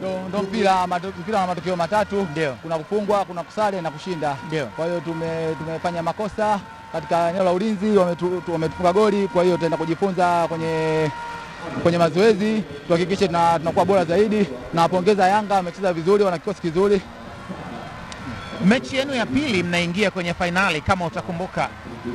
ndo mpira mpira wa matokeo matatu. Ndio. Kuna kufungwa, kuna kusale na kushinda. Ndio. Kwa hiyo tume, tumefanya makosa katika eneo la ulinzi, wametufunga goli. Kwa hiyo tutaenda kujifunza kwenye kwenye mazoezi tuhakikishe tunakuwa bora zaidi. Nawapongeza Yanga, wamecheza vizuri, wana kikosi kizuri. Mechi yenu ya pili mnaingia kwenye fainali. Kama utakumbuka,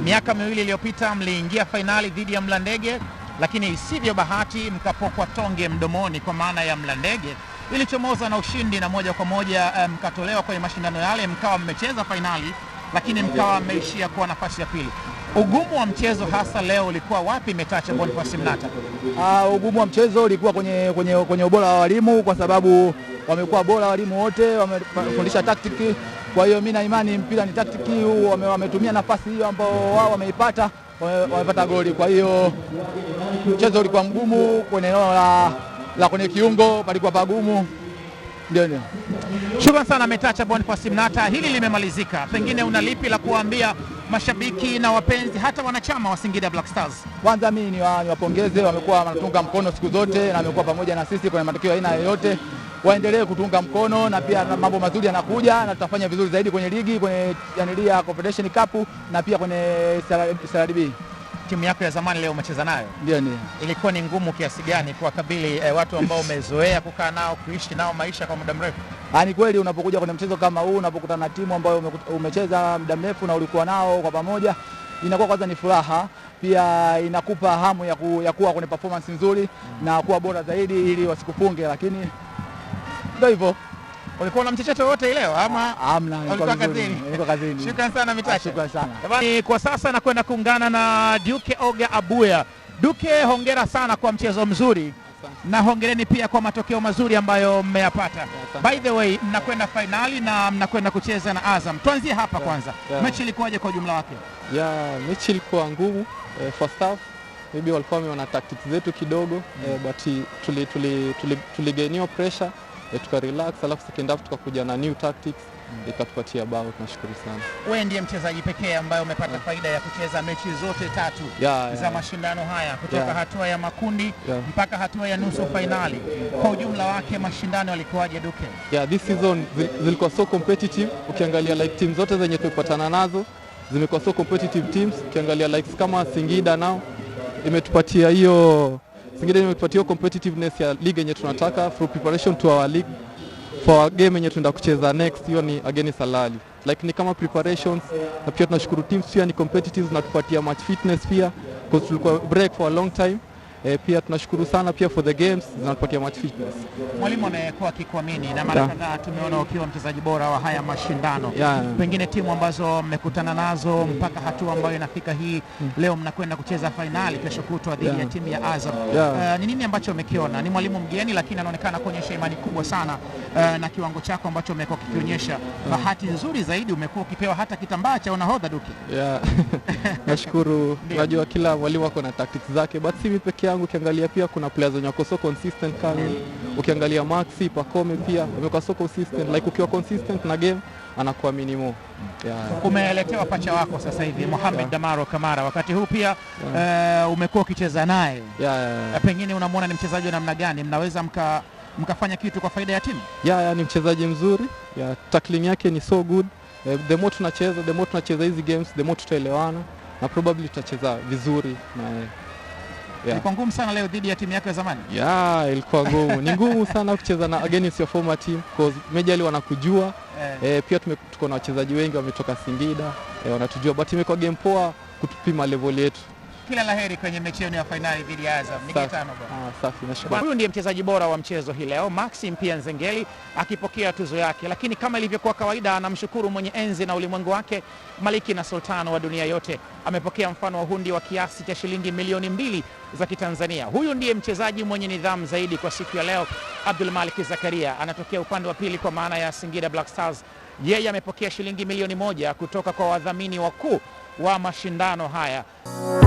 miaka miwili iliyopita mliingia fainali dhidi ya Mlandege, lakini isivyo bahati mkapokwa tonge mdomoni kwa maana ya Mlandege ilichomoza na ushindi na moja kwa moja mkatolewa um, kwenye mashindano yale, mkawa mmecheza fainali lakini mkawa mmeishia kuwa nafasi ya pili. Ugumu wa mchezo hasa leo ulikuwa wapi, Metacha Bonifasi Mnata? Uh, ugumu wa mchezo ulikuwa kwenye, kwenye, kwenye ubora wa walimu kwa sababu wamekuwa bora walimu wote, wamefundisha taktiki. Kwa hiyo mimi na imani mpira ni taktiki, wame, wametumia nafasi hiyo ambao wao wameipata, wamepata goli. Kwa hiyo mchezo ulikuwa mgumu kwenye eneo la la kwenye kiungo palikuwa pagumu. Ndio, ndio. Shukran sana Metacha Boniface Mnata, hili limemalizika. Pengine una lipi la kuwaambia mashabiki na wapenzi hata wanachama wa Singida Black Stars? Kwanza mimi niwapongeze, wamekuwa wanatunga mkono siku zote na wamekuwa pamoja na sisi kwenye matokeo aina yoyote, waendelee kutunga mkono na pia mambo mazuri yanakuja na tutafanya vizuri zaidi kwenye ligi, kwenye Confederation Cup na pia kwenye CRDB timu yako ya zamani leo umecheza nayo, ndio ndio, ilikuwa ni ngumu kiasi gani kuwakabili eh, watu ambao umezoea kukaa nao kuishi nao maisha kwa muda mrefu? Ah, ni kweli unapokuja kwenye mchezo kama huu, unapokutana na timu ambayo umecheza muda mrefu na ulikuwa nao kwa pamoja, inakuwa kwanza ni furaha, pia inakupa hamu ya, ku, ya kuwa kwenye performance nzuri mm, na kuwa bora zaidi ili wasikufunge lakini ndio hivyo. Ulikuwa na mchecheto wote leo ama ah, hamna? Nilikuwa kazini. Nilikuwa kazini. Shukrani sana ah, Mitacho. Shukrani sana. Jamani, kwa sasa nakwenda kuungana na Duke Oga Abuya. Duke, hongera sana kwa mchezo mzuri na hongereni pia kwa matokeo mazuri ambayo mmeyapata. By the way, mnakwenda fainali na mnakwenda kucheza na Azam. Tuanzie hapa kwanza, yeah, Mechi ilikuwaje kwa ujumla wake? Yeah, mechi ilikuwa ngumu eh, first half maybe walikuwa wameona tactics zetu kidogo mm. eh, but tuligeiniwa tuli, tuli, tuli pressure Eh, tuka relax, alafu second half tukakuja na new tactics mm. ikatupatia bao. Tunashukuru sana. Wewe ndiye mchezaji pekee ambaye umepata yeah. faida ya kucheza mechi zote tatu yeah, yeah, za mashindano haya kutoka yeah. hatua ya makundi yeah. mpaka hatua ya nusu fainali. Kwa ujumla wake mashindano yalikuwaje, Duke? Yeah, this season zilikuwa so competitive, ukiangalia like team zote zenye tulipatana nazo zimekuwa so competitive teams, ukiangalia like kama Singida nao imetupatia hiyo pengine nimepatia competitiveness ya league yenye tunataka through preparation to our league for our game yenye tunaenda kucheza next, hiyo ni against Al like ni kama preparations, na pia tunashukuru teams pia ni competitive na tupatia match fitness pia, because tulikuwa break for a long time E, pia tunashukuru sana pia for the games zinatupatia much fitness. Mwalimu amekuwa akikuamini na mara kadhaa tumeona ukiwa mchezaji bora wa haya mashindano yeah. Pengine timu ambazo mmekutana nazo mpaka hatua ambayo inafika hii mm. Leo mnakwenda kucheza fainali kesho kutwa dhidi yeah. ya timu ya Azam yeah. Uh, ni nini ambacho umekiona? Ni mwalimu mgeni lakini anaonekana kuonyesha imani kubwa sana uh, na kiwango chako ambacho umekuwa kikionyesha yeah. Bahati nzuri zaidi umekuwa ukipewa hata kitambaa cha unahodha Duki yeah. Nashukuru, najua kila mwalimu ako na tactics zake but si mimi pekee yangu ukiangalia pia kuna players wenye wako so consistent kama ukiangalia Maxi Pacome pia amekuwa so consistent like ukiwa consistent na game anakuwa minimo yeah. umeeletewa pacha wako sasa hivi Mohamed yeah. Damaro Kamara, wakati huu pia yeah. uh, umekuwa ukicheza naye yeah, yeah, yeah. Eh, pengine unamwona ni mchezaji wa namna gani, mnaweza mka mkafanya kitu kwa faida ya timu yeah, yeah, ni mchezaji mzuri yeah, tackling yake ni so good uh, the more tunacheza the more tunacheza hizi games the more tutaelewana na probably tutacheza vizuri na yeah yeah. Ilikuwa ngumu sana leo dhidi ya timu yako ya zamani yeah, ilikuwa ngumu ni ngumu sana kucheza na against your former team because majorly wanakujua yeah. E, eh, pia tuko na wachezaji wengi wametoka Singida e, wanatujua but imekuwa game poa kutupima level yetu kila laheri kwenye mechi yenu ya fainali dhidi ya Azam. Ni kitano bwana. Ah, safi nashukuru. Huyu ndiye mchezaji bora wa mchezo hii leo Maxim pia Nzengeli akipokea tuzo yake, lakini kama ilivyokuwa kawaida, anamshukuru mwenye enzi na ulimwengu wake, maliki na sultano wa dunia yote. Amepokea mfano wa hundi wa kiasi cha shilingi milioni mbili za Kitanzania. Huyu ndiye mchezaji mwenye nidhamu zaidi kwa siku ya leo. Abdul Malik Zakaria anatokea upande wa pili kwa maana ya Singida Black Stars. Yeye amepokea shilingi milioni moja kutoka kwa wadhamini wakuu wa mashindano haya.